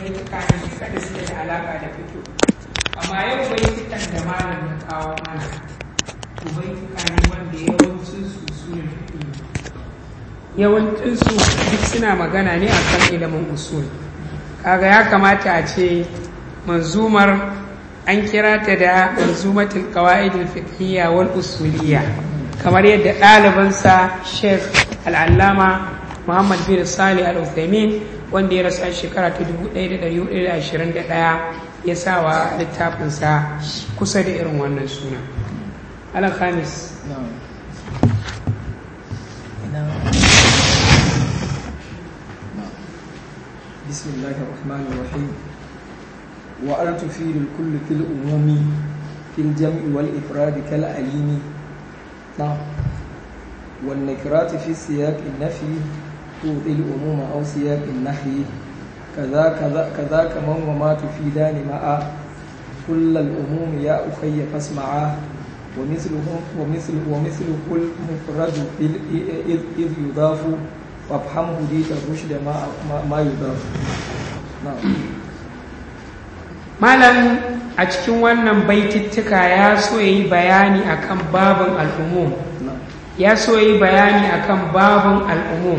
baituka ne duka da suke da alaka da fito amma yau baitukan da malam ya kawo mana to baituka ne wanda yawancin su suna fito yawancin su duk suna magana ne akan ilimin usul kaga ya kamata a ce manzumar an kira ta da manzumatul qawaid al-fiqhiyya wal usuliyya kamar yadda ɗalibansa Sheikh al-Allama Muhammad bin Salih al-Uthaymeen wanda ya rasu a shekara ta 1421 ya sa wa littafinsa kusa da irin wannan suna alhamis بسم الله الرحمن الرحيم وأن تفيد الكل في الأمم في الجمع والإفراد كالأليم والنكرات في سياق النفي تبطل الأموم أو سياق النحي كذا كذا كذاك من وما تفيدان معا كل الأموم يا أخي فاسمعا ومثلهم ومثل ومثل كل مفرد إذ يضاف وافهمه ديك الرشد ما ما يضاف نعم malam a cikin wannan baitittuka ya so ya yi bayani akan babin al'umum ya so ya yi bayani akan babin al'umum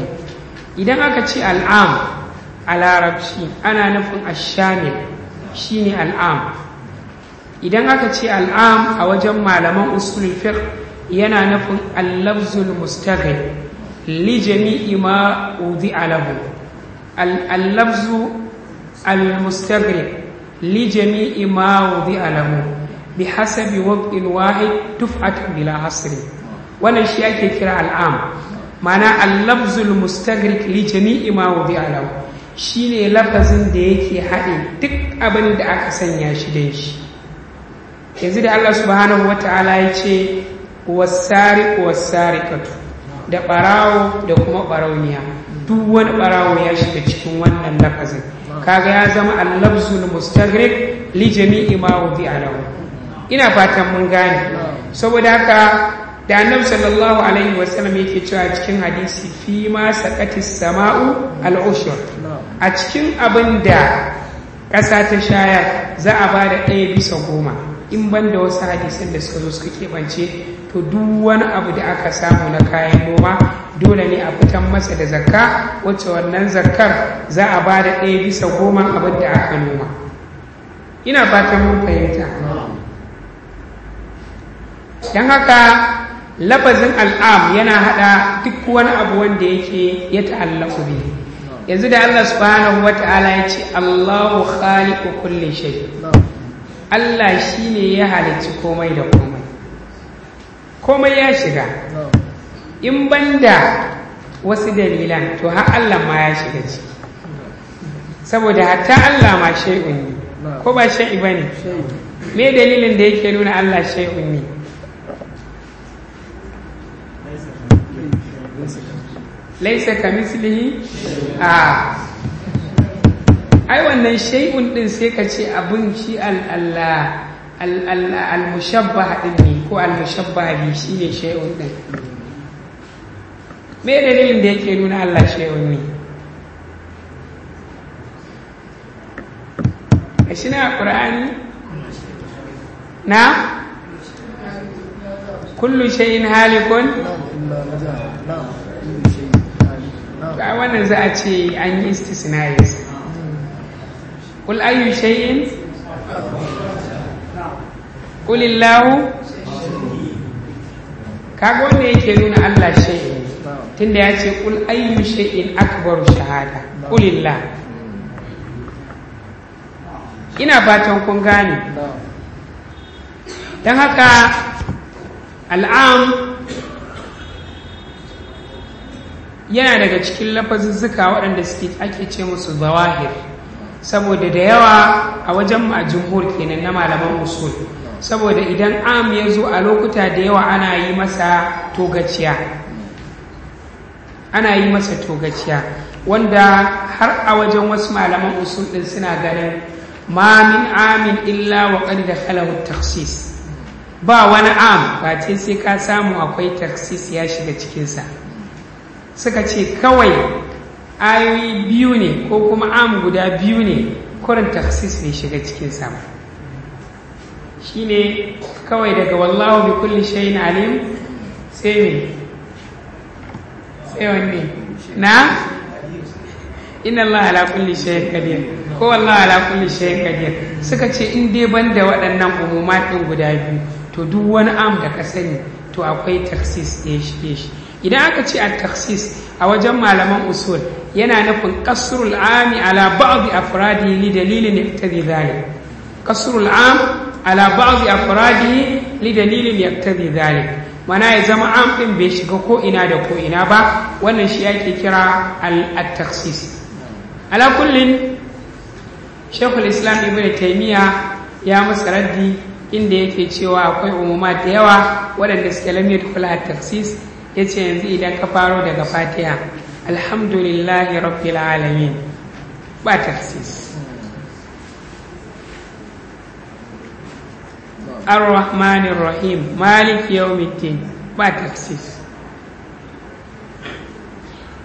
idan aka ce al'am a larabci ana nufin ashamil shi ne al'am idan aka ce al'am a wajen malaman usul yana nufin allabzul mustaghni li jami'i ma udi alahu allabzu al li jami'i ma alahu bi hasabi waqtin wahid tuf'at bila hasri wannan shi ake kira al'am mana allabzul mustagrik li jami'i ma wudi alau shine lafazin da yake haɗe duk abin da aka sanya shi da shi yanzu da Allah subhanahu wata'ala ya ce wasari katu da barawo da kuma ɓarauniya duk wani barawo ya shiga cikin wannan lafazin kaga ya zama allabzul mustagrik li jami'i ma wudi alau ina fatan mun gane saboda haka da annabi sallallahu alaihi wa sallam yake cewa cikin hadisi fi ma saqatis sama'u al a cikin abin da ƙasa ta shaya za a ba da ɗaya bisa goma in ban da wasu hadisan da suka zo suka keɓance to duk wani abu da aka samu na kayan noma dole ne a fitan masa da zakka wacce wannan zakkar za a ba da ɗaya bisa goma abin da aka noma ina fatan mun fahimta don haka lafazin al'am yana haɗa duk wani abu wanda yake ya ta'allaku bi yanzu da Allah subhanahu ta'ala ya ce Allahu khaliqu kulli shay Allah shine ya halicci komai da komai komai ya shiga in banda wasu dalilan to har Allah ma ya shiga ciki? saboda hatta Allah ma shay'un ne ko ba shay'i bane me dalilin da yake nuna Allah shay'un ne laisa kamislihi a ah. ai wannan shay'un din sai ka ce abin shi al'alla al-mushabbaha din ne ko al-mushabbaha bi shi ne shay'un din me dalilin da yake nuna Allah shay'un ne A shi na Al-Qur'ani na kullu shay'in halikun ga wannan za a ce an yi istisnayis kul ayu shay'in kulillahu ka kaga wanda yake nuna Allah shay'in tunda ya ce kul ayu shay'in akbar shahada kul ina fatan kun gane don haka al'am yana daga cikin lafazuzzuka waɗanda suke ake ce musu zawahir saboda da yawa a wajen ma'ajin kenan na malaman usul saboda idan am ya zo a lokuta da yawa ana yi masa togaciya ana yi masa togaciya wanda har a wajen wasu malaman usul ɗin suna ganin ma amin illa wa da dakhalahu taksis ba wani am ba ce sai ka samu akwai taksis ya shiga cikinsa suka ce kawai ayoyi biyu ne ko kuma am guda biyu ne kurin taksis ne shiga cikin sama ne kawai daga wallahu bi kulli shay'in alim sai ne sai wanne na ina Allah ala kulli shay'in qadir ko wallahi ala kulli shay'in qadir suka ce in dai da waɗannan umumat guda biyu to duk wani am da ka sani to akwai taksis ne ya shige shi idan aka ce at a wajen malaman usul yana nufin kasrul ami ala ba'd afradi li dalilin yaqtadi dhalik kasrul am ala ba'd afradi li dalilin yaqtadi dhalik mana ya zama am ɗin bai shiga ko ina da ko ina ba wannan shi ake kira al takhsis ala kullin shekul islam ibn taymiya ya musa raddi inda yake cewa akwai umuma da yawa waɗanda suke lam kula at-takhsis ya ce yanzu idan ka faro daga fatiha alhamdulillahi rabbil alamin ba tarsis ar-rahmanir rahim malik yawmiddin ba tarsis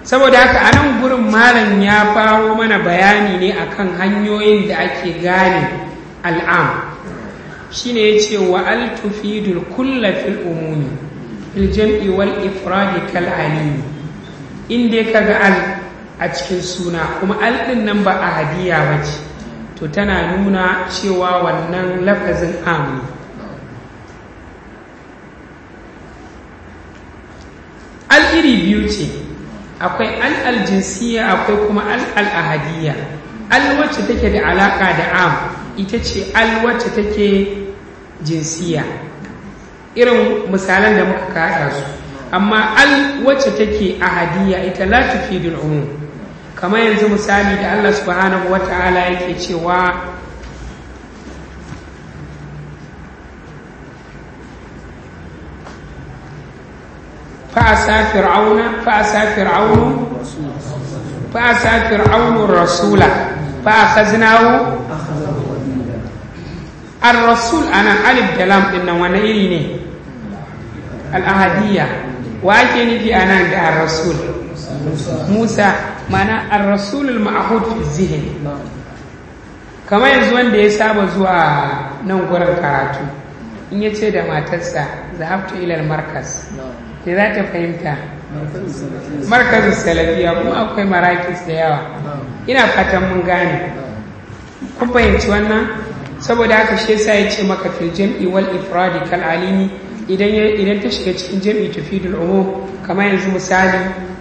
saboda haka a nan gurin malam ya faro mana bayani ne akan hanyoyin da ake gane al'am shine ya ce wa altufidul kulla fil umumi fil jam'i wal ifradi kal alim in dai ga al a cikin suna kuma al din nan ba a hadiya ba ce, to tana nuna cewa wannan lafazin am al iri biyu ce akwai al aljinsiyya akwai kuma al al ahadiyya al wacce take da alaƙa da am ita ce al wacce take jinsiyya. irin misalan da muka kaya su amma al wacce take ahadiyya ita la tufidul umum kamar yanzu misali da Allah subhanahu wata'ala yake cewa fa'asa fir'auna fa'asa fir'aunu fa'asa fir'aunu rasula fa'akhaznahu ar-rasul ana alif da lam din iri ne al'ahadiyya wa ake ke a nan da ar-rasul musa mana ar-rasulul ma'ahud zihin kamar yanzu wanda ya saba zuwa nan gurin karatu in ya ce da matarsa za a fito ilar markas da za ta fahimta markazin salafiya kuma akwai marakis da yawa ina fatan mun gane kun fahimci wannan saboda haka shi yasa ya ce maka fil jam'i wal ifradi kal alimi idan ta shiga cikin jami'i fidul umu kamar yanzu misali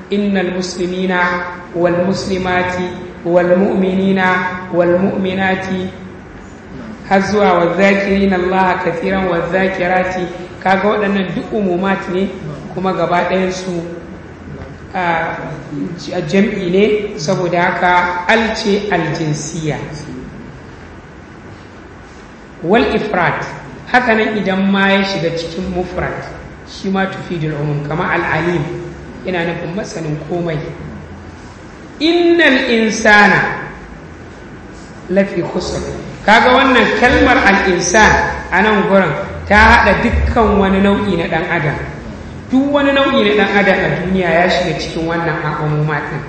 innal muslimina wal muslimati wal mu'minina wal mu'minati har zuwa wa zakirin Allah kafiran wa zakirati kaga waɗannan duk umumat ne kuma gaba ɗayan su a jam'i ne saboda haka alce aljinsiya wal ifrat hakanan idan ma ya shiga cikin mufrat shi ma tufidul umum kama al'alim yana nufin masanin komai innal insana lafi kusa, kaga wannan kalmar al'insan a nan gurin ta haɗa dukkan wani nau'i na ɗan adam duk wani nau'i na ɗan adam a duniya ya shiga cikin wannan al'umma ɗin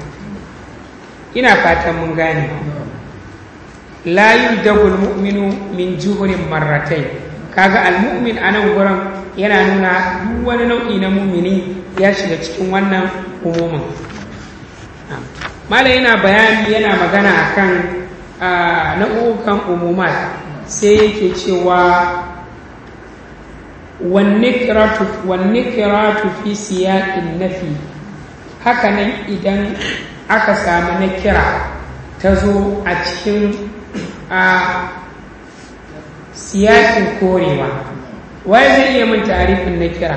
ina fatan mun gane layu yudagul mu'minu min juhurin marratai kaga almu'min a nan gurin yana nuna duk wani nau'i na mumini ya shiga cikin wannan umumin mala yana bayani yana magana akan nau'ukan umuma sai yake cewa wanne kiratu fi siyaƙin nafi nan, idan aka sami na kira ta zo a cikin a siyasin korewa waye zai iya min tarifin na kira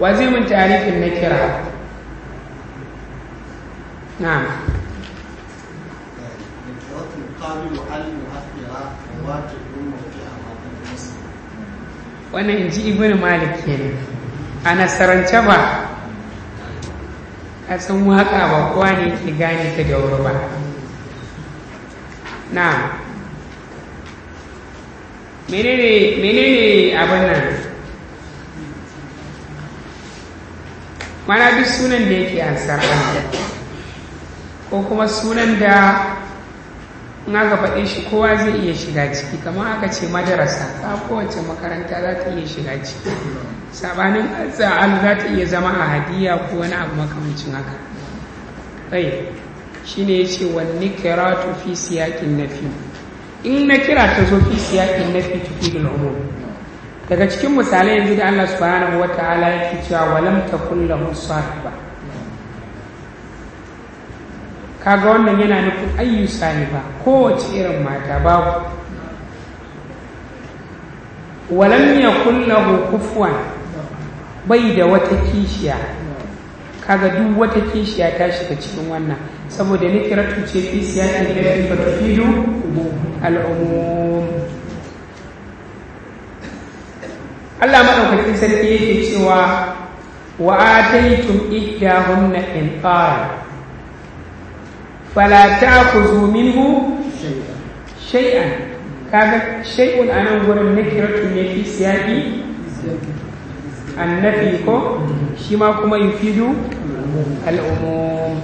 wa zai min tarifin na kira na'am wannan in ji ibn malik ke ne? a nasarance ba ka san waka ba kowa ne ke gane ta da wuri ba na menene abin nan mana duk sunan da yake ansar ko kuma sunan da in aka faɗe shi kowa zai iya shiga ciki kamar aka ce madarasa ta kowace makaranta za ta iya shiga ciki sabanin azzalu za ta iya zama a hadiya ko wani abu makamancin haka ɗaya shi ne ya ce wani kira fi na fi in na kira ta zo fi na fi tufi lomo daga cikin misalai yanzu da Allah subhanahu wa ta'ala fi cewa walam takul lahu sahiba kaga wannan yana nufin ayyu sahiba kowace irin mata babu walam ya kulla kufuwan bai da wata kishiya kaga duk wata kishiya ta shiga cikin wannan saboda kira ce fi siyasin da fi fatafidu al'umum Allah maɗaukakin sarki yake cewa wa ataitum ihdahunna in qara fala ta'khudhu minhu shay'an kaga shay'un anan gurin nakiratu ne fi siyaqi annafi ko shi ma kuma fidu al'umum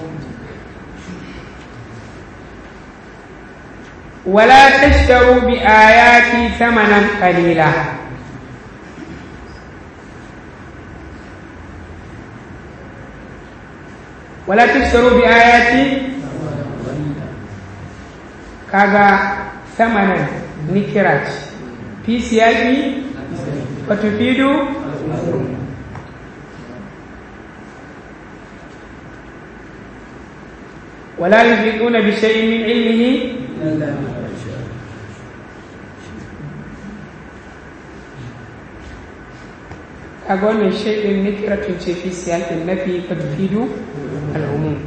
wala tashtaru bi ayati thamanan qalila wala tashtaru bi ayati kaga thamanan nikirat fi siyaki wa tufidu ولا يحيطون بشيء من علمه أقول شيء نكرة في سياق النفي قد تفيد العموم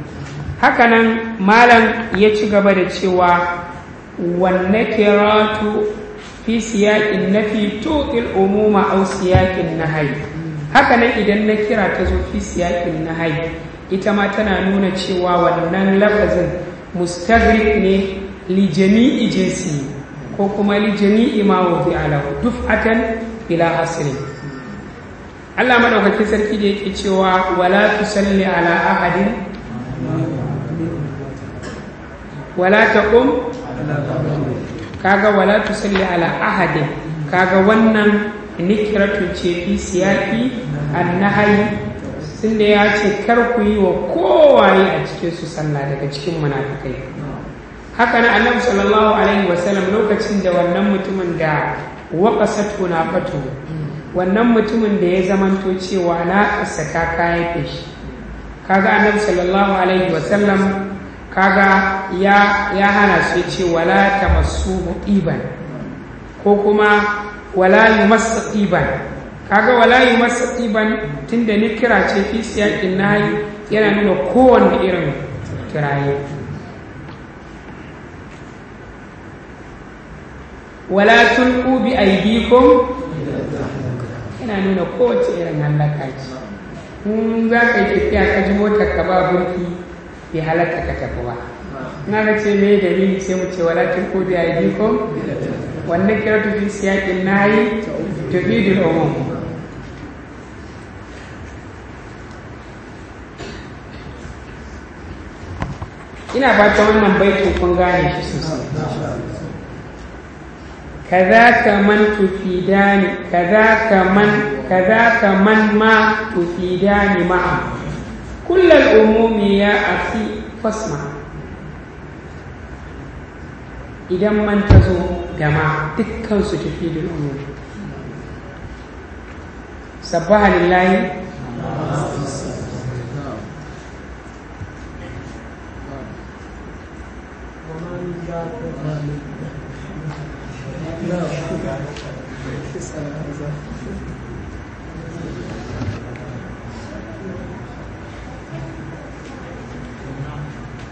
هكذا مالا يتشغب cewa والنكرات fi siyaƙin fi tuƙil umuma au siyaƙin hai haka nan idan na kira ta zo fi siyaƙin hai ita ma tana nuna cewa wannan lafazin mustagrik ne li jami'i jinsi ko kuma li jami'i ma duf a duf'atan ila asirin. Allah madaukakin sarki da yake cewa wala salli ala ahadin wala taqum kaga wala Salli ala ahadin kaga wannan nikiratu ce fi siyaki annahayi tunda ya ce kar ku yi wa kowaye a cikinsu su sallah daga cikin munafikai haka na annabi sallallahu alaihi wasallam lokacin da wannan mutumin da na fato, wannan mutumin da ya zamanto cewa na kasata kayan shi kaga annabi sallallahu alaihi wasallam kaga ya ya hana su ce wala ta masu iban ko kuma wala masu iban kaga wala yumassu iban tunda ni kira ce fi siyakin yi yana nuna kowanne irin kiraye wala tun a bi biko yana nuna kowace irin halaka ce mun za ka yi tafiya ka ji motar ka ba burki bi halatta ka tafi ba na ga ce me ni sai mu ce wala tun ko a yi ko wannan kira ta tufi siyakin na yi ta fi da umum ina ba ta wannan baito kun gane shi sosai كذاك ka تفيدان كذاك من كذاك من ما تفيدان ma'a كل الأموم يا أخي فاسمع إذا ما تزو جماعة دكا ستفيد الأموم سبحان الله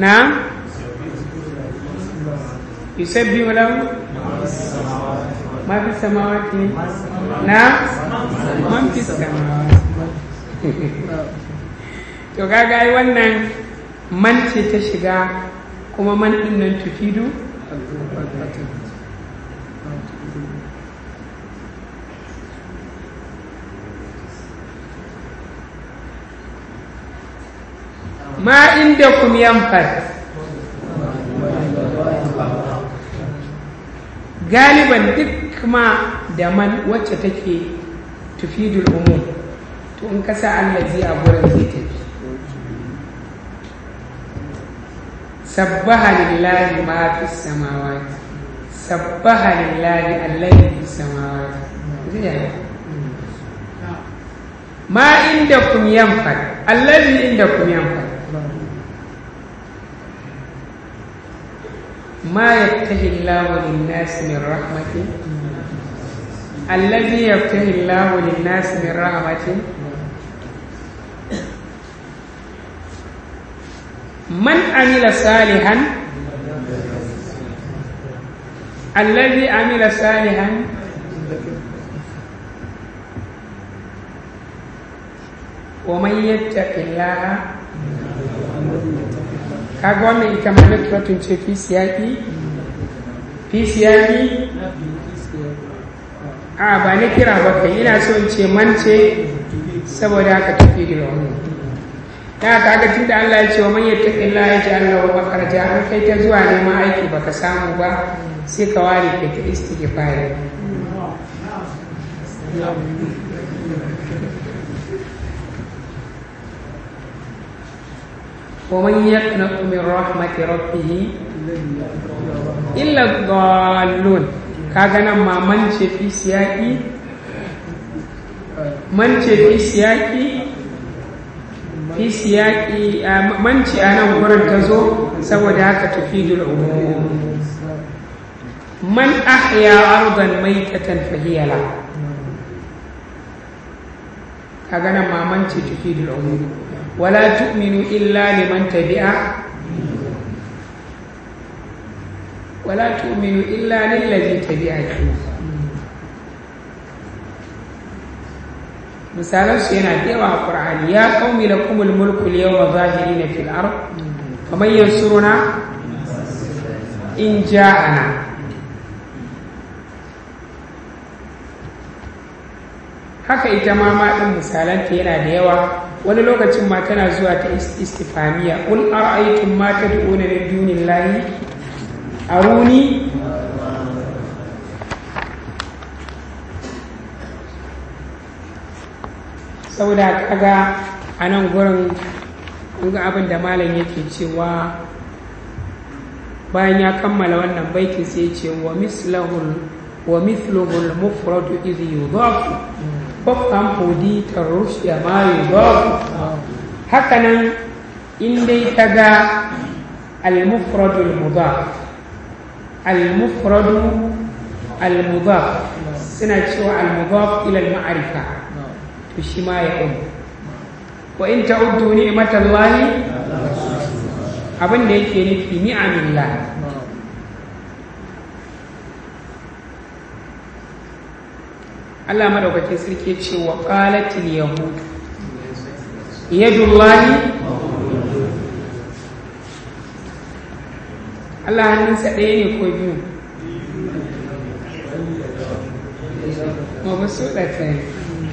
نعم يسبح له ما في السماوات نعم ما في السماوات to kaga ai wannan man ce ta shiga kuma man din nan tufidu ma inda kum yanfad galiban duk ma da man wacce take tufidul umum to in ka sa allazi a gurin zai tafi sabbaha lillahi ma fi samawati sabbaha lillahi allazi fi samawati zai ma inda kum yanfad allazi inda kum yanfad ما يفتح الله للناس من رحمة الذي يفتح الله للناس من رحمة من عمل صالحا الذي عمل صالحا ومن يتق الله kaga wannan ita ma nakiratun ce fi siyaki e? e? a ba na kira ba kai ina so in ce mance saboda aka tafi da wannan ta kaga tun da Allah ya ce wa man yattaqillaha yaj'al lahu makhraja an kai ta zuwa neman aiki baka samu ba sai ka ware ka ta istighfar ومن يقنط من رحمة ربه إلا الضالون كاغانا ما من في سياكي من في سياكي في سياكي من أنا مغرد تزو سوى ذاك تفيد العموم من أحيا أرضا ميتة فهي لا كاغانا ما من تفيد العموم wala tu'minu illa liman tabi'a wala tu'minu illa lillazi misalan su yana da yawa a Qur'ani ya qaumi lakumul mulku al-yawma zahirina fil ard faman yansuruna in ja'ana haka ita ma ma misalan misalanta yana da yawa wani lokacin ma tana zuwa ta istifamiya qul ara'aytum ma tad'una min dunillahi aruni saboda kaga a nan gurin ga abin da malam yake cewa bayan ya kammala wannan baitin sai ce wa mislahul wa mithluhul mufradu idh yudhafu fafan fodi ta rusya hakanan in dai ta ga al-mufradu suna cewa al-mudaf ila al to shi ma ya umu wa in ta'uddu ni'matallahi abin da yake nufi ni'amillah Allah madaukakin sarki ce wa qalatil yahud yadullahi Allah sa ɗaya ne ko biyu ma ba su ɗata ne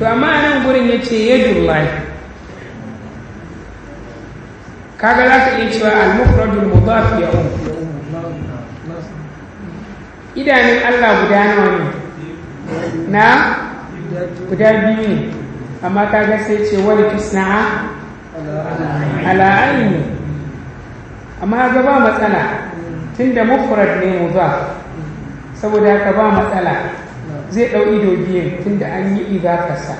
to amma a nan gurin ya ce yadullahi kaga za ka iya cewa al-mufradul mudaf ya Idanin Allah guda nawa ne na guda biyu ne amma kaga sai ce wani kisna'a ala'ayi ne amma ga ba matsala tun da mufrad ne mu za saboda haka ba matsala zai ɗau ido biyu tun da an yi kasa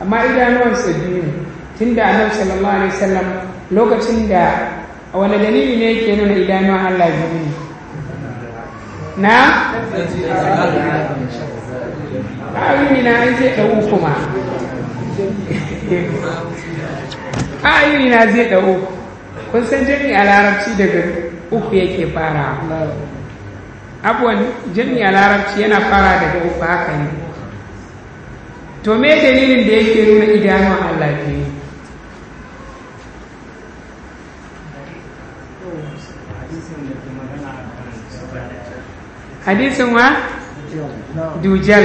amma idanuwansa biyu ne tun da annabi sallallahu alaihi wasallam lokacin da a wani dalili ne yake nuna idanuwan allah biyu ne na ra'ayi na ai zai ɗau kuma na zai ɗau kun san jami a larabci daga uku yake fara abuwan jami a larabci yana fara daga uku haka ne to me dalilin da yake nuna idanun allah ke? hadisin wa dujal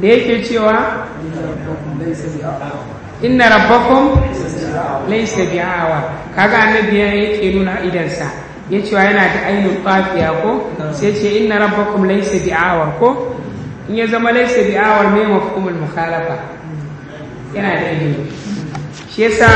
da yake cewa inna rabbakum laysa bi'awa kaga annabi ya yake nuna idansa ya cewa yana da ainihin fafiya ko sai ce inna rabbakum laysa bi'awa ko in ya zama laysa bi'awa mai mafhumul mukhalafa yana da ido shi yasa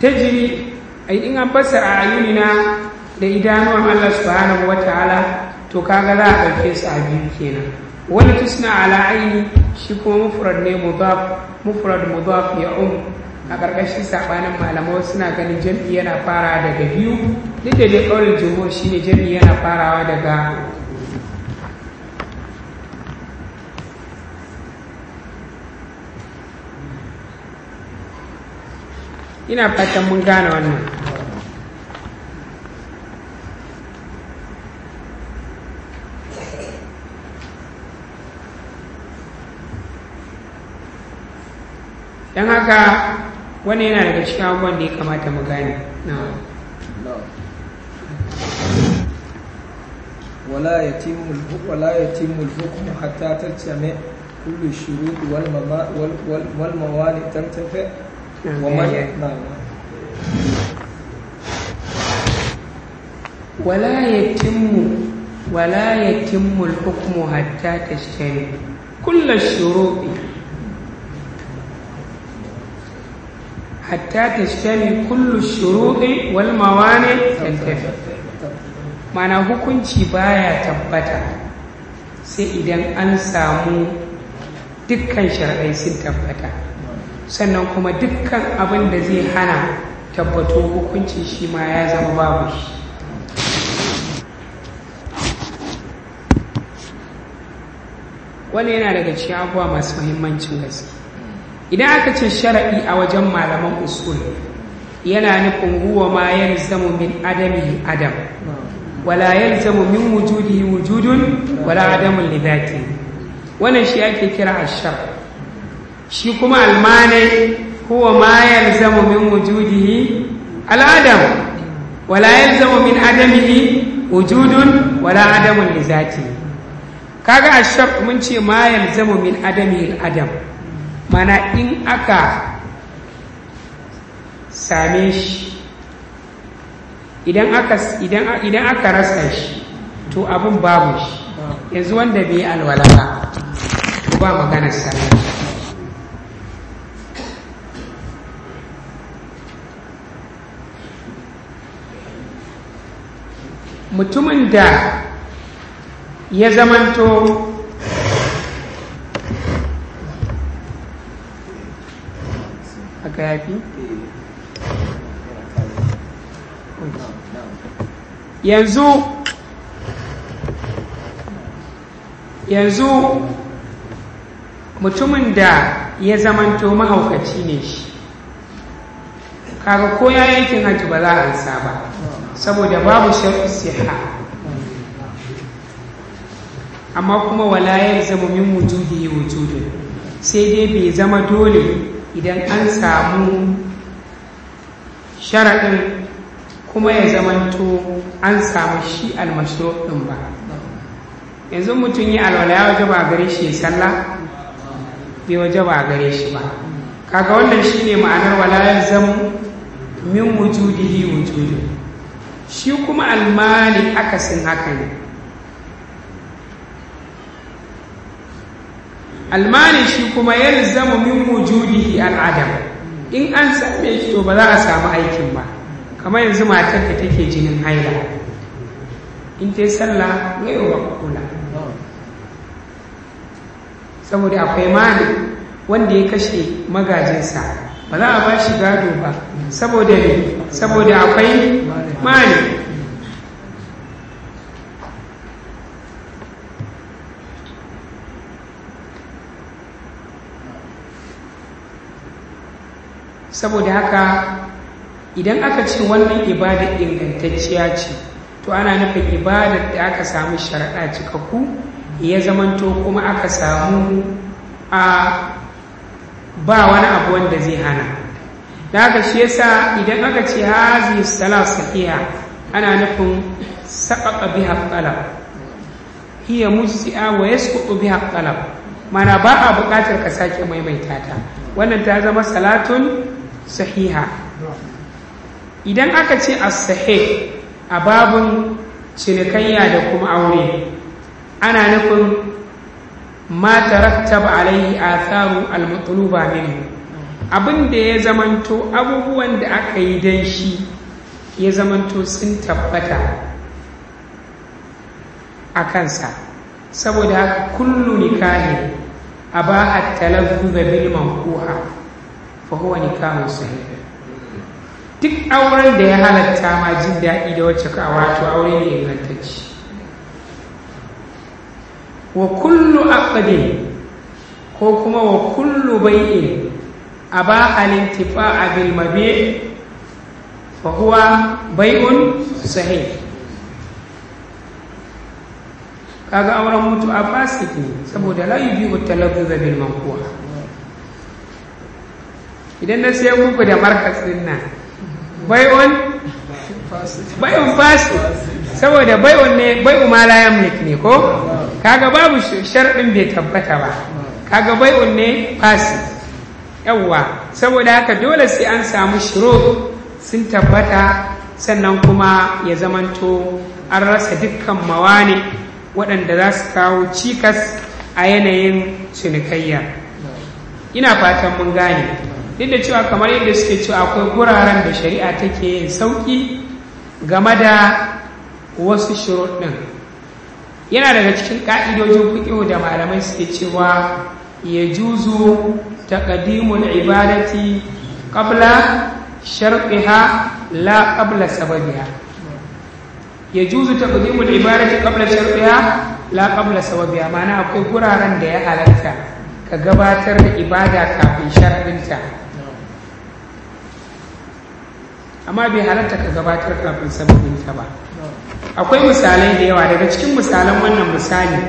tajri ai in an fassara ayyuna da idanuwan Allah subhanahu wataala to kaga za a ɗauke su a biyu kenan wani tusna ala aini shi kuma mufrad ne mudaf mufrad mudaf ya um a ƙarƙashin saɓanin malamai suna ganin jami'i yana fara daga biyu duk da dai ƙaurin shi ne, jami'i yana farawa daga ina fatan mun gane wannan don haka wani yana daga cikin da ya kamata mu gani wala ya timul hukumu hatta ta came kullu walmawa ne tantafe wa mana wala ya timu wala ya hatta tashtami kullu shuruɗi walmawa ne tantafi mana hukunci baya tabbata sai idan an samu dukkan shari'ai sun tabbata sannan kuma dukkan abin da zai hana tabbato hukuncin shi ma ya zama babu shi wani yana daga cikin masu muhimmancin gaske idan aka ce sharaɗi a wajen malaman usul yana nufin huwa ma yalzamu min adamihi adam wala yalzamu min wujudihi wujudun wala adamun lidati wannan shi ake kira ashar shi kuma almanai huwa ma yalzamu min wujudihi al'adam wala yalzamu min adamihi wujudun wala adamun lidati kaga ashar mun ce ma yalzamu min adamihi adam. mana in aka same shi idan aka rasa shi to abin babu shi yanzu wanda bai alwala ba to ba maganar sai mutumin da ya zamanto yanzu yanzu mutumin da ya zamanto mahaukaci ne shi kaga ko ya yankin hajji ba za a ansa ba saboda babu sharfi siha amma kuma wala ya zama min wujudu yi wujudu sai dai bai zama dole idan an samu sharaɗin kuma ya zamanto an samu shi almasu ɗin ba yanzu mutum yi alwala ya waje ba gare shi ya sallah bai waje ba gare shi ba kaga wannan shine ma'anar wala ya zama min wujudihi wujudu shi kuma almali akasin haka ne almani shi kuma zama min wujudihi al'adam in an same shi to ba za a samu aikin ba kamar yanzu matar da take jinin haila in ta yi sallah yi wa kula saboda akwai mani wanda ya kashe magajinsa ba za a ba shi gado ba saboda saboda akwai mani saboda haka idan aka ce wannan ibada ingantacciya ce to ana nufin ibadar da aka samu sharaɗa cikakku ya zamanto kuma aka samu a ba wani abu wanda zai hana da aka shi yasa idan aka ce hazi sala sahiya ana nufin saƙaƙa biha ƙalab hiya mujzi'a wa yasqutu bi ƙalab mana ba a buƙatar ka sake maimaita ta wannan ta zama salatun sahiha idan aka ce as-sahih a babun cinikayya da kuma aure ana nufin ma tarattaba alaihi atharu al-matluba minhu abin ya zamanto abubuwan da aka yi dan shi ya zamanto sun tabbata a kansa saboda haka kullu nikahi abaha talaffuza bil manquha fa huwa su sahih duk auren da ya halatta ma jin daɗi da wacce ka wato aure ne ci wa kullu aqdin ko kuma wa kullu bai'in abaha lintifa'a bil mabi' fa huwa bai'un sahih kaga auren mutu a fasiki saboda layu biyu talabu bil mankuwa idan na sayan muku da markas din nan bayon bayon fasi saboda bayon ne bai ma la mulk ne ko kaga babu sharɗin bai tabbata ba kaga bayon ne fasi yawwa saboda haka dole sai an samu shiro sun tabbata sannan kuma ya zamanto an rasa dukkan mawane waɗanda za su kawo cikas a yanayin cinikayya ina fatan mun gane duk da cewa kamar yadda suke cewa akwai guraren da shari'a take yin sauƙi game da wasu ɗin. yana daga cikin ƙa'idojin fiƙihu da malamai suke cewa ya juzu ƙadimun ibadati ƙabla sharɗiha la ƙabla sababiya ya juzu ƙadimun ibadati ƙabla sharɗiha la ƙabla sababiya ma'ana akwai guraren da ya halatta ka gabatar da ibada kafin sharfinta. amma bai halatta ka gabatar kafin sababin ta ba akwai misalai da yawa daga cikin misalan wannan misali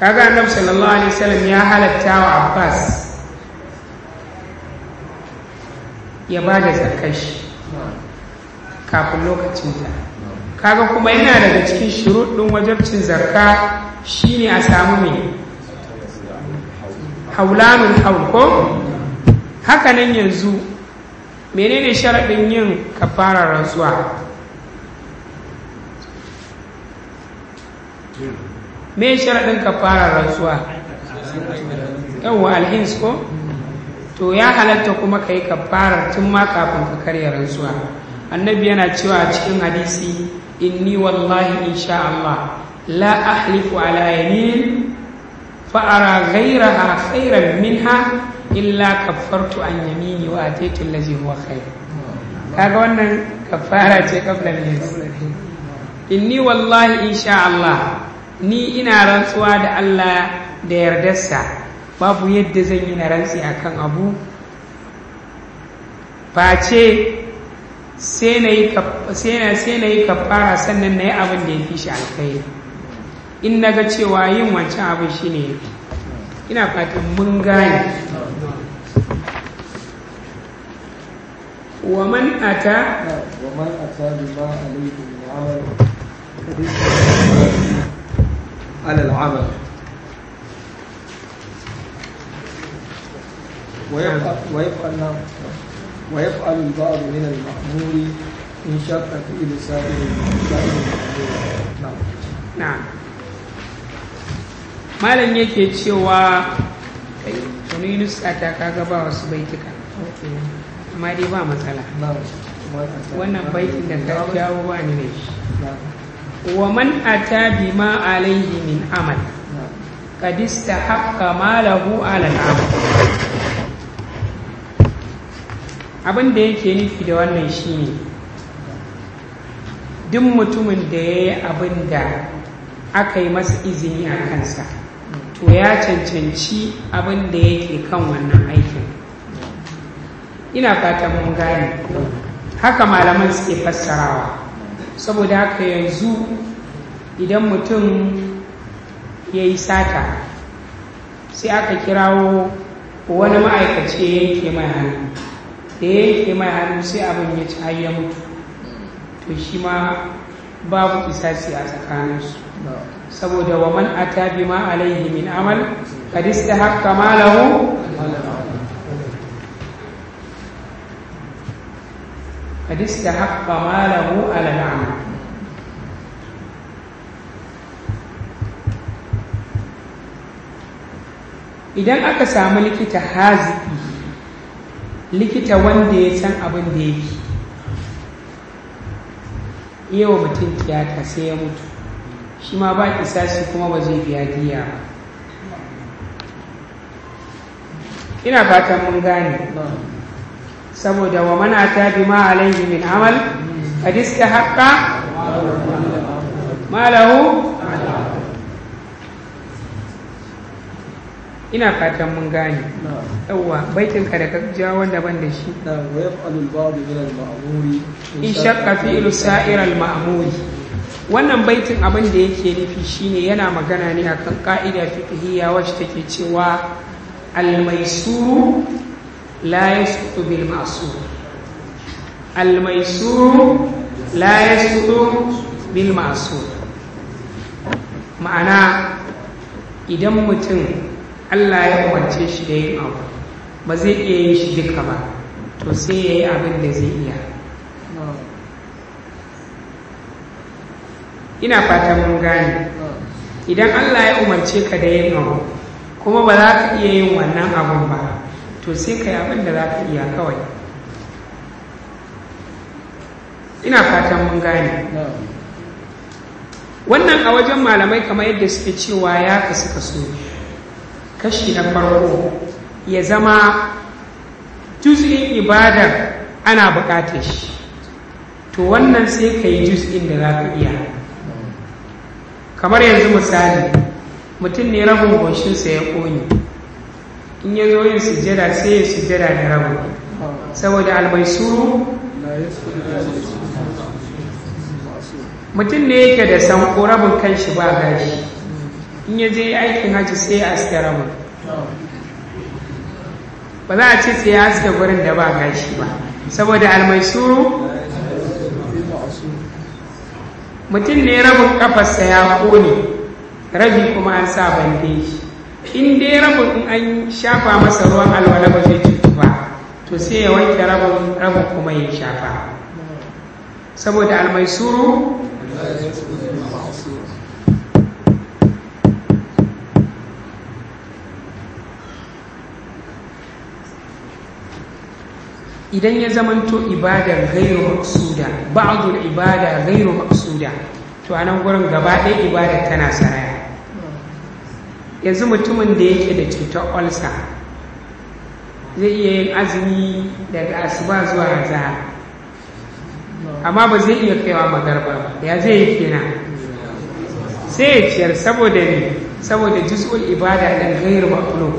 kaga annabi sallallahu alaihi wasallam ya halatta wa abbas ya ba da zakashi kafin lokacin ta kaga kuma yana daga cikin shuruɗin wajabcin zakka shine a samu mai haulanun hauko haka nan yanzu menene sharaɗin yin kafarar rantsuwa me sharaɗin kafarar rantsuwa yawwa alhins ko to ya halatta kuma ka yi kafarar tun ma kafin ka karya rantsuwa annabi yana cewa cikin hadisi inni wallahi insha Allah la ahlifu ala yamin fa ara ghayraha khayran minha illa kaffartu an yamini wa ataitu allazi huwa khair kaga wannan kafara ce qabla al inni wallahi insha Allah ni ina rantsuwa da Allah da yardarsa babu yadda zan yi na rantsi akan abu face sai na yi kafara sannan na yi abin da ya fi shi alkai in na ga cewa yin wancan abin shi ne ina fatan mun gane ومن أتى ومن أتى بما عليه من عمل على العمل ويفعل, ويفعل, البعض من المأمور إن شك في سائر المأمور نعم نعم malam yake cewa kai wani nuska ta kaga amma dai ba matsala wannan baikin da ta jawo ba ni ne wa man ata bima alaihi min amal qad istahaqqa malahu ala al-amal abin yake nufi da wannan shine duk mutumin da ya yi abin da aka yi masa izini a kansa to ya cancanci abin da yake kan wannan aikin ina fatan mun gane haka malaman suke fassarawa saboda haka yanzu idan mutum ya yi sata sai aka kirawo wani ma'aikaci ya yanke mai hannu da ya yanke mai hannu sai abin ya ci har ya mutu to shi ma babu kisasi a tsakaninsu saboda wa man ata bima alaihi min amal kadista haka malahu قد استحق ماله على العمل idan aka samu likita haziki likita wanda ya san abin da ya iya wa mutum tiyata sai ya mutu shi ma ba shi kuma ba zai biya diya ba ina fatan mun gane saboda wa mana ta bi ma alaihi min amal hadiska ma lahu ina fatan mun gane yawa baitin ka da ka ja wanda ban da shi in shakka fi'lu sa'ir al-ma'muri wannan baitin abin da yake nufi shine yana magana ne akan ka'ida fiqhiyya wacce take cewa al-maisuru la yasqutu bil ma'sur al maisur la yasqutu bil ma'sur ma'ana idan mutum Allah ya umarce shi da yin abu ba zai iya yin shi duka ba to sai ya yi abin da zai iya ina fata mun gane idan Allah ya umarce ka da yin abu kuma ba za ka iya yin wannan abun ba to sai ka yi abin da za ka iya kawai ina fatan mun gane wannan a wajen malamai kamar yadda suke cewa ya kasu kaso kashi na farko ya zama juz'in ibada ana buƙatar shi to wannan sai ka yi juz'in da za ka iya kamar yanzu misali mutum ne rabin goshinsa ya ƙone in ya zo yin sujjada sai ya sujjada da rabu saboda almaisuru mutum ne yake da sanko rabin kan shi ba gashi in ya je aikin haji sai ya aske rabu ba za a ce sai ya aske gurin da ba gashi ba saboda almaisuru mutum ne rabin kafarsa ya kone rabi kuma an sa bandeji in dai rabin in an shafa masa ruwan alwala ba zai cutu ba to sai ya wanke rabin rabin kuma ya shafa saboda suru idan ya zamanto ibada gairu maksuda ba'dul ibada gairu maksuda to anan gurin gaba ɗaya ibada tana saraya yanzu mutumin da yake da cutar olsa zai iya yin azumi daga asuba zuwa zahar amma ba zai iya kaiwa magarba ba ya zai yi kina? sai ya ciyar saboda ne saboda jis'ul ibada ɗan gairu makulu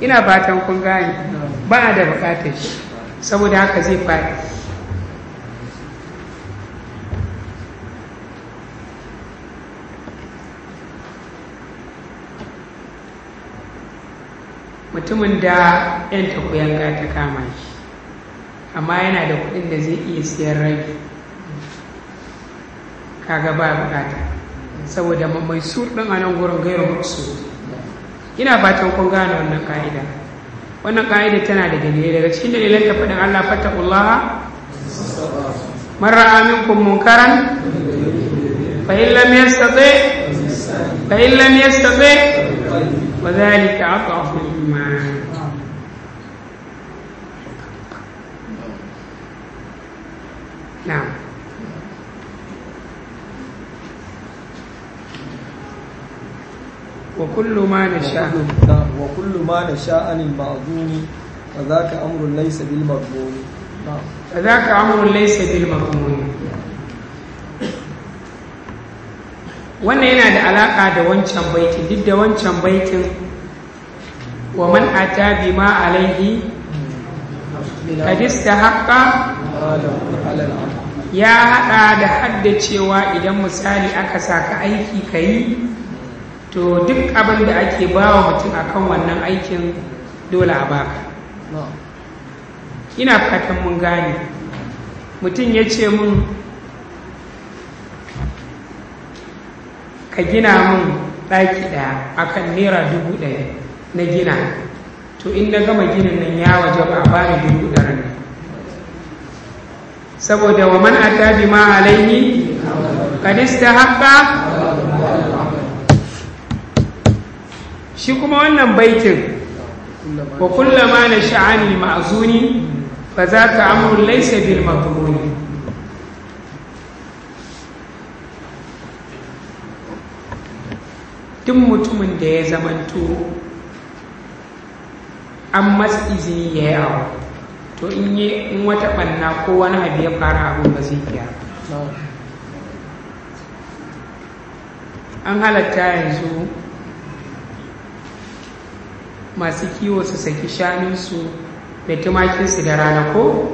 ina fatan kun gane ba da bukatar shi saboda haka zai faɗi mutumin da 'yan takuyanga ta kama shi amma yana da kuɗin da zai iya siyan rabi kaga ba bukata saboda mai ɗin a nan gurin gairu maksu ina fatan kun gane wannan ka'ida wannan ka'ida tana da dalilai daga cikin dalilan ta faɗin Allah Fata man ra'a minkum munkaran fa lam yastati fa yastati وذلك أضعف الإيمان نعم وكل ما نشاء نعم. وكل ما نشاء عن المعظوم فذاك أمر ليس بالمضمون نعم فذاك أمر ليس بالمضمون wannan yana da alaƙa da wancan baitin duk da wancan baitin wa man ata bi ma alaihi ta haƙa ya haɗa da cewa idan misali aka saka aiki ka yi to duk abin da ake ba wa mutum akan wannan aikin dole a baka ina fatan mun gane mutum ya ce mun ka gina mun ɗaki ɗaya akan naira dubu ɗaya na gina to in na gama ginin nan ya waje ba a bani dubu ɗaya. ne saboda wa man ata bi ma alaihi kadista haɓɓa shi kuma wannan baitin wa kullama na sha'ani ma'azuni fa za ka amur laisa bil duk mutumin da ya zamanto an masu izini ya yi awa, to in yi wata ɓanna ko wani abu ya fara abu ba zai biya an halatta yanzu masu kiwo su saki shanunsu da tumakinsu da rana ko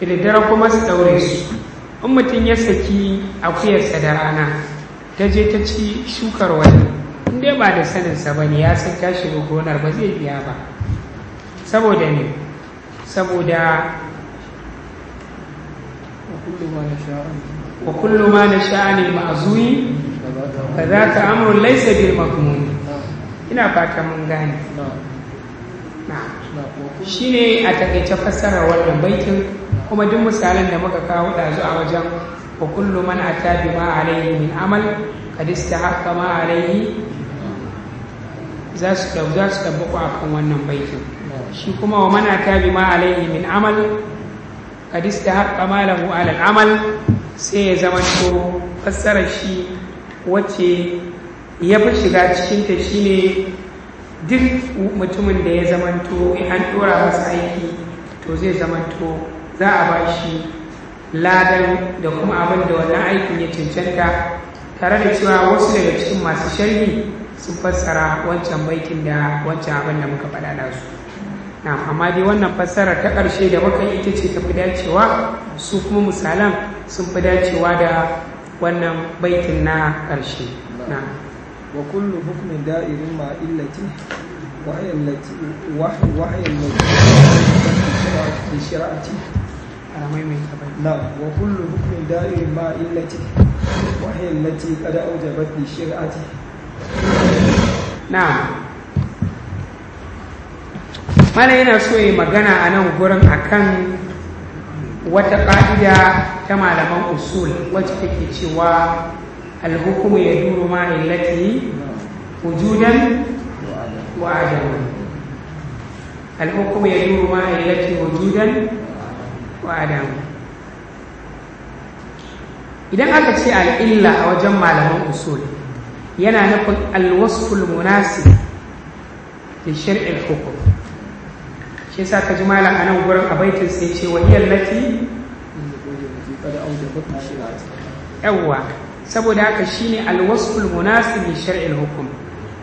da daddare kuma su ɗaure su in mutum ya saki akuyarsa da rana ta je ta ci shukar wani in dai ba da saninsa ba ne ya san ta shiga gonar ba zai biya ba saboda ne saboda wa kullu ma na sha'ani ma'azui ba za ka amuru laisa bil makmuni ina fata mun gane shi ne a takaice fassara wannan baitin kuma duk misalin da muka kawo ɗazu a wajen وكل من أتى بما عليه من عمل قد استحق ما عليه za su tabbaku a kan wannan baitin shi kuma wa mana ta bi ma alaihi min amal kadis ta haƙa malahu alal sai ya zama to fassarar shi wacce ya fi shiga cikinta shine duk mutumin da ya zama to an ɗora masa aiki to zai zama to za a ba ladan da kuma abin da wannan aikin ya cancanta tare da cewa wasu daga cikin masu sharhi sun fassara wancan baitin da wancan abin da muka faɗa da su na amma dai wannan fassara ta ƙarshe da muka ita ce ta fi dacewa su kuma misalan sun fi dacewa da wannan baitin na ƙarshe na wa kullu hukmin da'irin ma illati wa ayyallati wa ayyallati fi shari'ati mana yana so yi magana a nan gurin akan wata ƙa'ida ta malaman usul wacce take cewa alhukumu ya duru ma illati wujudan wa alhukumu ya duru ma illati wujudan ba damu idan aka ce al'illa a wajen malaman usul yana nufin alwasful munasib da shari'ar hukum shi sa ka ji malam a nan gurin abaitin sai ce wa iya lati yawwa saboda haka ne alwasful munasib da shari'ar hukum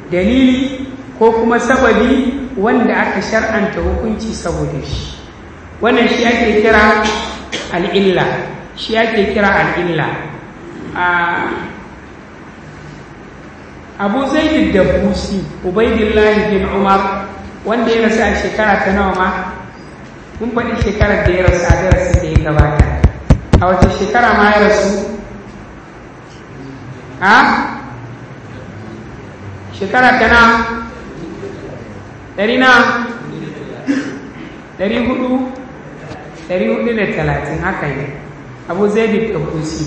dalili ko kuma sababi wanda aka shar'anta hukunci saboda shi wannan shi ake kira al'illa shi ake kira al'illa abu zai da busi ubaidillahi bin umar wanda ya rasu a shekara ta nawa ma mun faɗi shekarar da ya rasu a darasin da ya gabata a wace shekara ma ya rasu a shekara ta na ɗari na ɗari hudu 430 haka ne abu haka tabbusi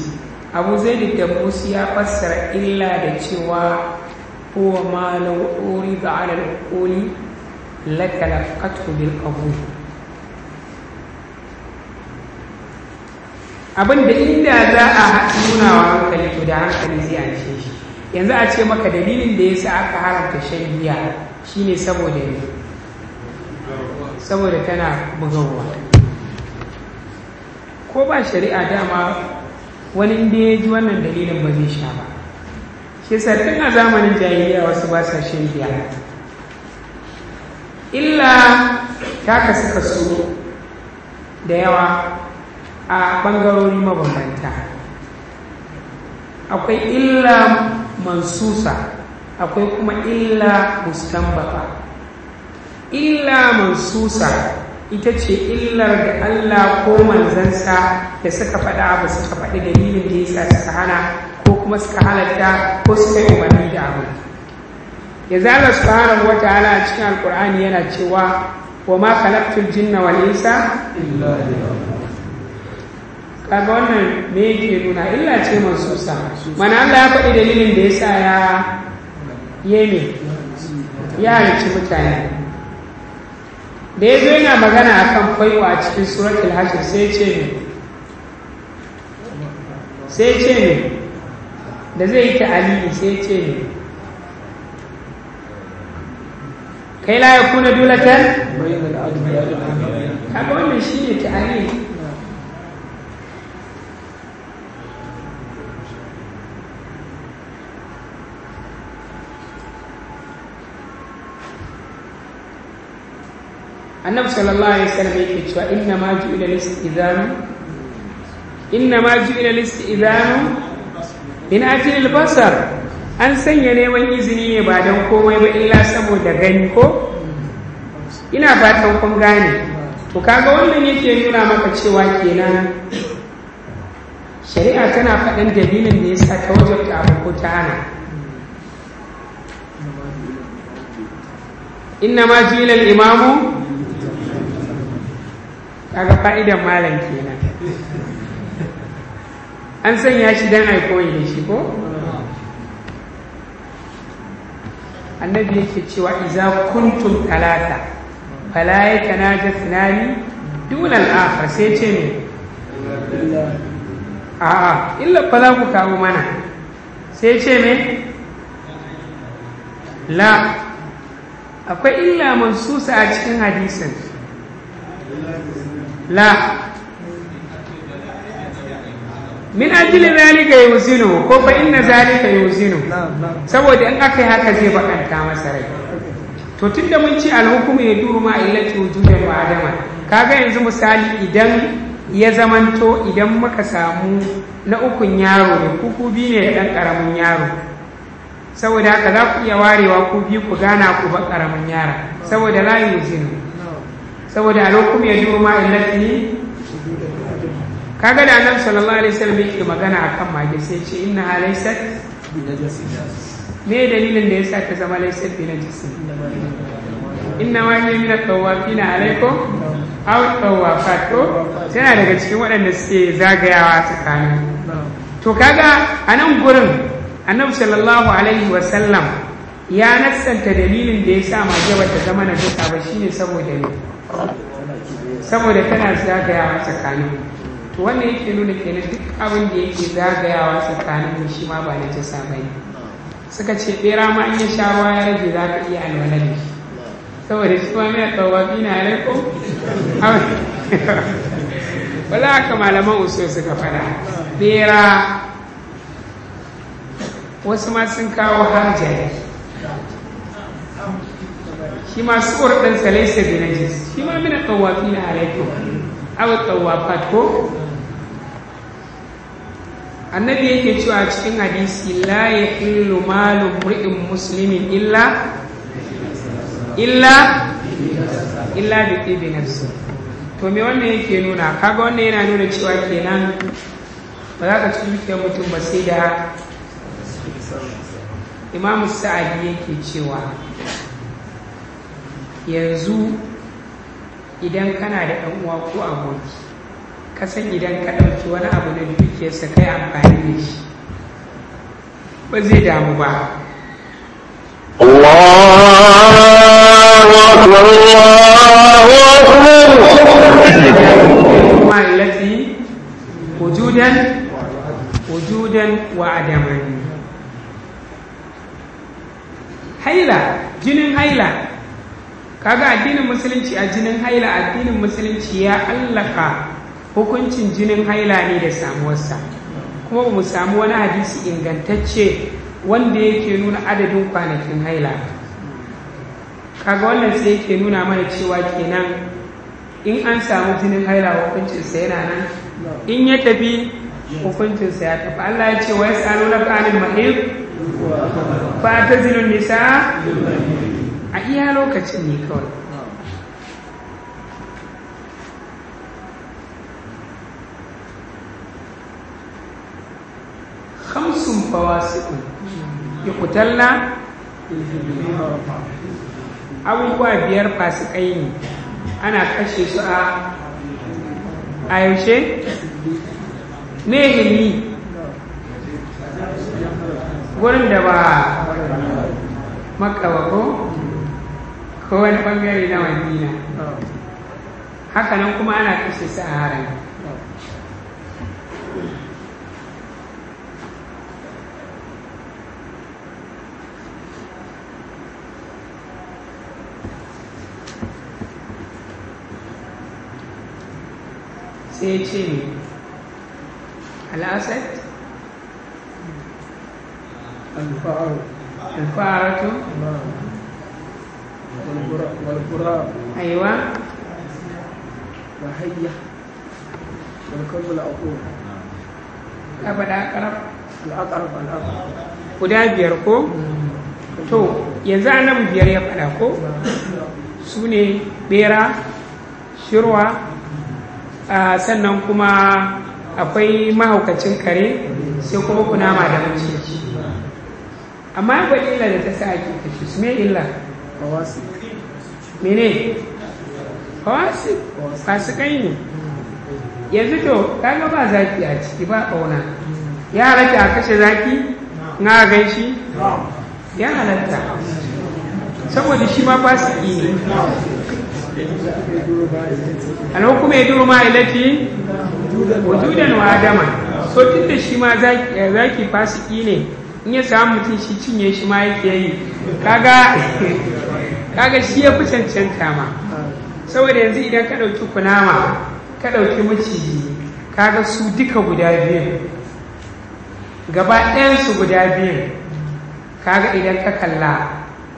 abu da tabbusi ya fassara illa da cewa kowa ma law ga alal al-quli latalaqathu bil qabul abin inda za a nuna wa hankali to da hankali zai an shi yanzu a ce maka dalilin da ya sa aka haramta shan giya shine saboda ne saboda tana bugawa ko ba shari'a dama wani inda ya ji wannan dalilin ba zai sha ba shi tun a zamanin jayayya wasu ba sa shan biya illa ta kasu da yawa a ɓangarori mabambanta akwai illa mansusa akwai kuma illa mustambata illa mansusa ita ce illar da Allah ko manzansa da suka faɗa abu suka faɗi dalilin da yasa suka hana ko kuma suka halatta ko suka yi umarni da abu ya zala subhanahu wa ta'ala a cikin alkur'ani yana cewa wa ma khalaqtul jinna wal insa kaga wannan me yake nuna illa ce susa." mana Allah ya faɗi dalilin da yasa ya yeme ya halicci mutane da ya zo yana magana a kan kwaiwa a cikin suratul hashir sai ce ne sai ce ne da zai yi ta'alili sai ce ne kai la ya kuna dulatan kaga wannan shi ne ta'alili annabi sallallahu alaihi wasallam yake cewa inna ma ju'ila lil inna ma ju'ila min ajli al-basar an sanya neman izini ne ba dan komai ba illa saboda gani ko ina fatan kun gane to kaga wannan yake nuna maka cewa kenan shari'a tana faɗin dalilin da yasa ta wajabta abu ko ta hana inna ma jilal imamu kaga fa'idan malam kenan an sanya shi don aikoyi da shi ko annabi yake cewa iza kuntum talata fala yake na ja tunani dunan afa sai ce ne a'a illa fala za ku kawo mana sai ce ne la akwai illa mansusa a cikin hadisin la min ajili zalika yuzinu ko fa inna zalika yuzinu saboda in aka yi haka zai bakanta masa rai to tunda mun ce alhukumu ya duru ma illati wujudan wa adama kaga yanzu misali idan ya zamanto idan muka samu na ukun yaro ne kuku ne da ɗan ƙaramin yaro saboda haka za ku iya warewa ku biyu ku gana ku ba ƙaramin yara saboda layin zinu saboda alhukum ya duru ma illati kaga da annabi sallallahu alaihi wasallam yake magana akan mage sai ce inna halaysat me dalilin da yasa ta zama laysat bi najis inna ma hiya min at-tawafina alaikum aw tawafat ko tana daga cikin waɗanda suke zagayawa tsakanin to kaga a nan gurin annabi sallallahu alaihi wasallam ya nassanta dalilin da ya sa mage bata zama najisa ba shine saboda ne saboda tana zagayawa tsakanin to wannan yake nuna kenan duk abin da yake zagayawa tsakanin shi ma ba na jasa ba ne suka ce bera ma an yi sha ruwa ya rage za ka iya alwala da shi saboda shi ma mai tsawabi na alaiko wala haka malaman su suka fada bera wasu ma sun kawo harjari shi ma suwar ɗan salaisa da najis shi ma mina tawafi na alaiko awa tawafat ko annabi yake cewa cikin hadisi laye ya illu malu mur'in musulmin illa illa illa bi tibi nafsi to me wannan yake nuna kaga wannan yana nuna cewa kenan ba za ka cikin dukiyar mutum ba sai da imamu sa'adi yake cewa yanzu idan kana da ɗan uwa ko aboki kasan idan ka ɗauki wani abu duke sa kai amfani da shi ba zai damu ba wujudan haila jinin haila kaga addinin musulunci a jinin haila addinin musulunci ya allaka hukuncin jinin haila ne da samuwarsa kuma ba mu samu wani hadisi ingantacce wanda yake nuna adadin kwanakin haila kaga wannan sai yake nuna mana cewa kenan in an samu jinin haila hukuncinsa yana nan in ya tafi hukuncinsa ya tafi Allah ya ce wa nuna kanin mahim ba ta zinun nisa a iya lokacin ne kawai khamsun fawasiku yuqtalna abubuwa biyar kai ne ana kashe su a a yaushe ne hili gurin da ba ko? ko wani bangare na madina oh. hakanan kuma ana kashe su a harami sai ce ne al'asad alfa'aratu guda biyar ko to yanzu annabi biyar ya faɗa ko su ne bera shirwa sannan kuma akwai mahaukacin kare sai kuma kunama da mace amma ba illa da ta sa ake kashe su mai illa kawasi mene kawasi fasikai ne yanzu to kaga ba zaki a ciki ba ƙauna ya halatta a kashe zaki na gan shi ya halatta saboda shi ma fasiki ne A alau kuma ya duru ma'ilati wujudan wa adama so tun da shi ma eh, zaki fasiki ne in ya samu mutum shi cinye shi ma yake yi kaga kaga shi ya fi cancanta ma saboda yanzu idan ka ɗauki kunama ka ɗauki maciji kaga su duka guda biyan gaba ɗayansu guda biyan kaga idan ka kalla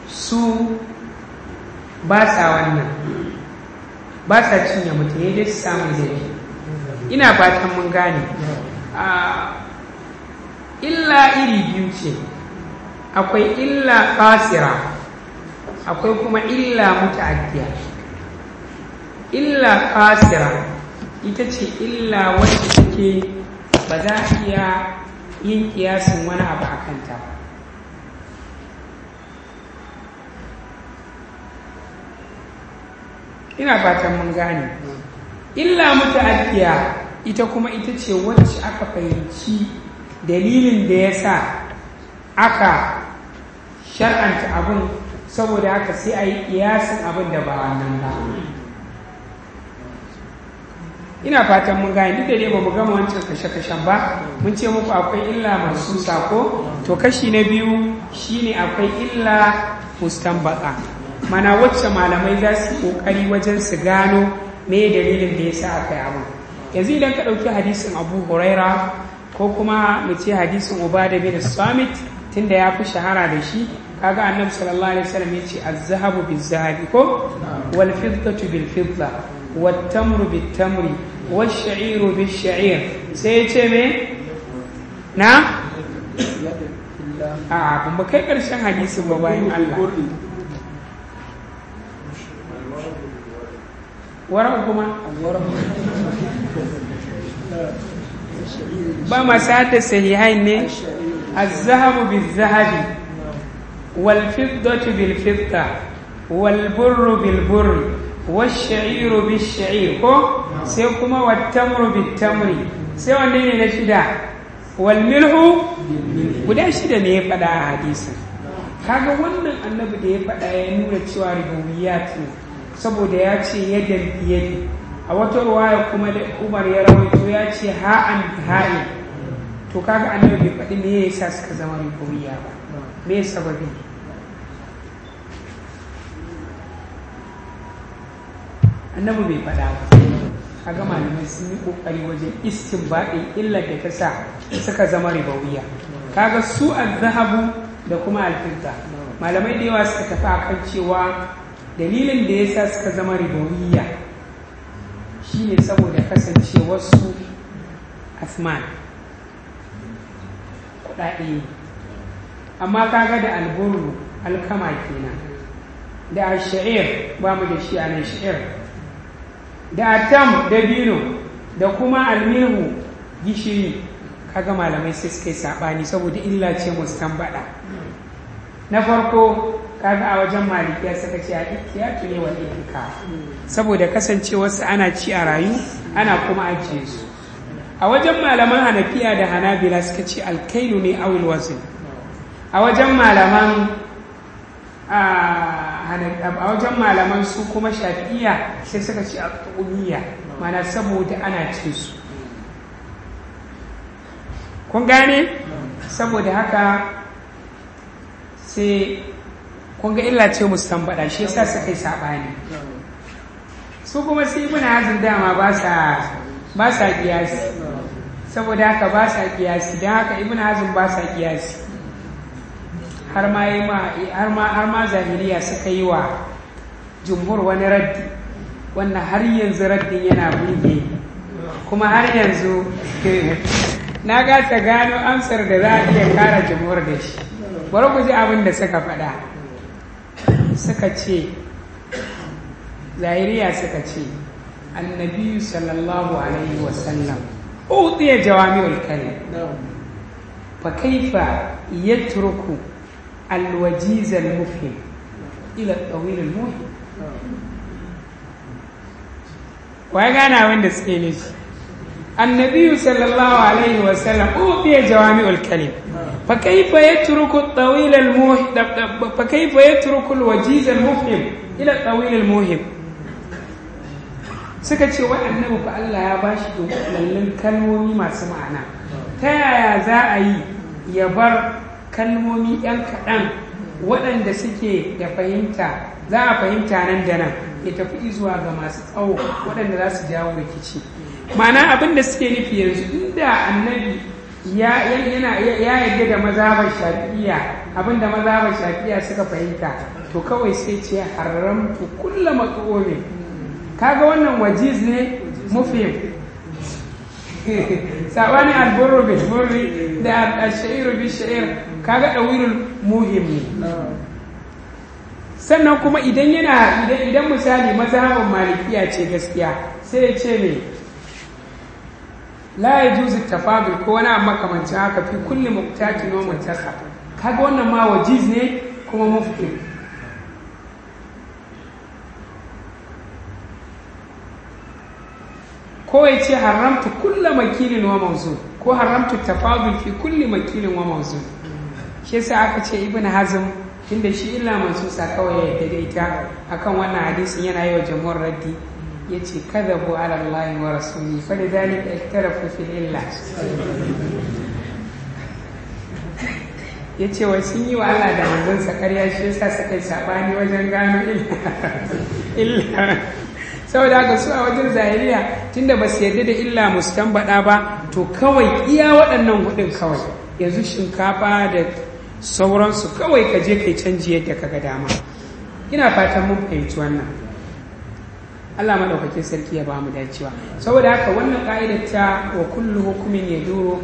su ba sa wannan ba sa cinye mutum ya su samu zai ina fatan mun gane illa iri biyu ce akwai illa fasira akwai kuma illa muta'addiya illa kasira ita ce illa wacce take ba za a iya yin kiyasin wani abu a kanta ina fatan mun gane illa muta'addiya ita kuma ita ce wacce aka fahimci dalilin da ya sa aka shar'anta abin saboda haka sai a yi kiyasin abin da ba wannan ba ina fatan mun gane duk da dai mu gama wancan kashe-kashen ba mun ce muku akwai illa masu sako to kashi na biyu shine akwai illa baka, mana wacce malamai za su kokari wajen su gano me dalilin da ya sa aka yi abu yanzu idan ka ɗauki hadisin abu huraira ko kuma mu ce hadisin ubada bin samit tunda ya fi shahara da shi kaga annabi sallallahu alaihi wasallam yace az-zahabu biz-zahabi ko wal fiddatu bil fidda wat tamru bit tamri wash sha'iru bish sha'ir sai yace me na a kun ba kai karshen hadisin ba bayan Allah wara kuma ba masu haddasa sahihai ne az-zahabu biz-zahabi والفضة بالفضة والبر بالبر والشعير بالشعير كو سيكما والتمر بالتمر ne na shida? والملح guda shida ne ya faɗa a hadisin kaga wannan annabi da ya faɗa ya nuna cewa rububiyat ne saboda ya ce yadda biyadi a wata ruwaya kuma da umar ya rawaito ya ce ha'an ha'i to kaga annabi bai faɗi me sa suka zama rububiyya ba me sababin annabi bai faɗa ba kaga malamai sun yi ƙoƙari wajen baɗin illar da ta sa suka zama ribawiya kaga su zahabu da kuma alfinta malamai da yawa suka tafi akan cewa dalilin da ya sa suka zama ribawiya shine saboda kasancewarsu su asman kuɗaɗe amma ka ga da alburu alkama kenan da ash'ir ba mu da shi a nan sha'ir da atam dabino da kuma almihu gishiri kaga malamai sai suka yi saɓani saboda illa ce musu tambada na farko kaga a wajen malikiya suka ce a ya tuni wa ittika saboda kasancewarsu ana ci a rayu ana kuma ajiye su a wajen malaman hanafiya da hanabila suka ce alkailu ne awil wazin a wajen malaman a wajen malaman su kuma shafi'iya sai suka ce a mana saboda ana cinsu. su kun gane saboda haka sai kun ga illa ce mustan baɗa shi sa suka yi saɓani su kuma sai muna hazin dama ba sa ba sa kiyasi saboda haka ba sa kiyasi don haka ibina hazin ba sa kiyasi har ma yi ma har ma jahiliya suka yi wa jumhur wani raddi wannan har yanzu raddin yana burge kuma har yanzu na ta gano amsar da za a iya kara jumhur da shi bari ku ji abin da suka faɗa suka ce zahiriya suka ce annabi sallallahu alaihi wasallam utiya jawami ulkani fa kaifa yatruku الوجيز المفهم إلى الطويل الموحي وأنا وين سكينيش النبي صلى الله عليه وسلم هو في جوامع الكلم فكيف يترك الطويل الموهم فكيف يترك الوجيز المفهم إلى الطويل الموهم suka ce waɗannan ba Allah ya ba shi da kalmomi masu ma'ana ta yaya za a yi ya bar kalmomi 'yan kaɗan waɗanda suke da fahimta za a fahimta nan da nan ya tafi izuwa ga masu tsawo waɗanda za su jawo rikici mana abin da suke nufi yanzu inda annabi ya yarda da mazabar shafi'iya abin da mazabar shafi'iya suka fahimta to kawai sai ce haramtu kulla ne kaga wannan wajiz ne mufim sabani alburu bi burri da ashairu bi sha'ir kaga dawirul muhimmi sannan kuma idan yana idan misali mazhabin malikiya ce gaskiya sai ya ce ne la yajuzu tafadul ko wani amma kamancin haka fi kulli muqtatin wa mutasa kaga wannan ma wajiz ne kuma mufti ko ya ce haramta kulla makilin wa mawzu ko haramtu tafadul fi kulli makilin wa mawzu shi yasa aka ce ibn hazm tunda shi illa sa kawai ya yadda da ita akan wannan hadisin yana yi wa jama'ar raddi ya ce kada bu alallahi wa rasuli zani da zalika iktarafu illa ya ce wa sun yi wa Allah da sa karya shi yasa suka yi sabani wajen gano illa saboda haka su a wajen zahiriya tunda ba su yadda da illa musu ba to kawai iya waɗannan hudun kawai yanzu shinkafa da sauransu kawai ka je kai canji yadda ka ga dama ina fatan mun fahimci wannan Allah maɗaukakin sarki ya ba mu dacewa saboda haka wannan ka'idar ta wa kullu hukumin ya duro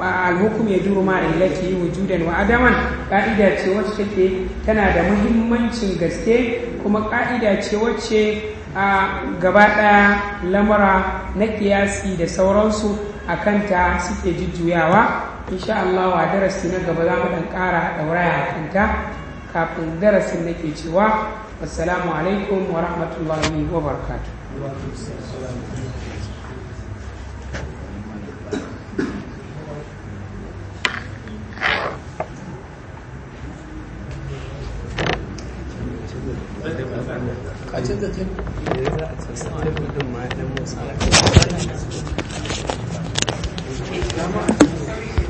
alhukum ya duru ma illati wujudan wa adaman ka'ida ce wacce take tana da muhimmancin gaske kuma ka'ida ce wacce a gaba ɗaya lamura na kiyasi da sauransu a kanta suke jujjuyawa insha Allah a darasi na gaba za mu ɗan ƙara ɗauraya a kanta kafin darasin nake cewa assalamu alaikum wa rahmatullahi wa barakatu Excellent.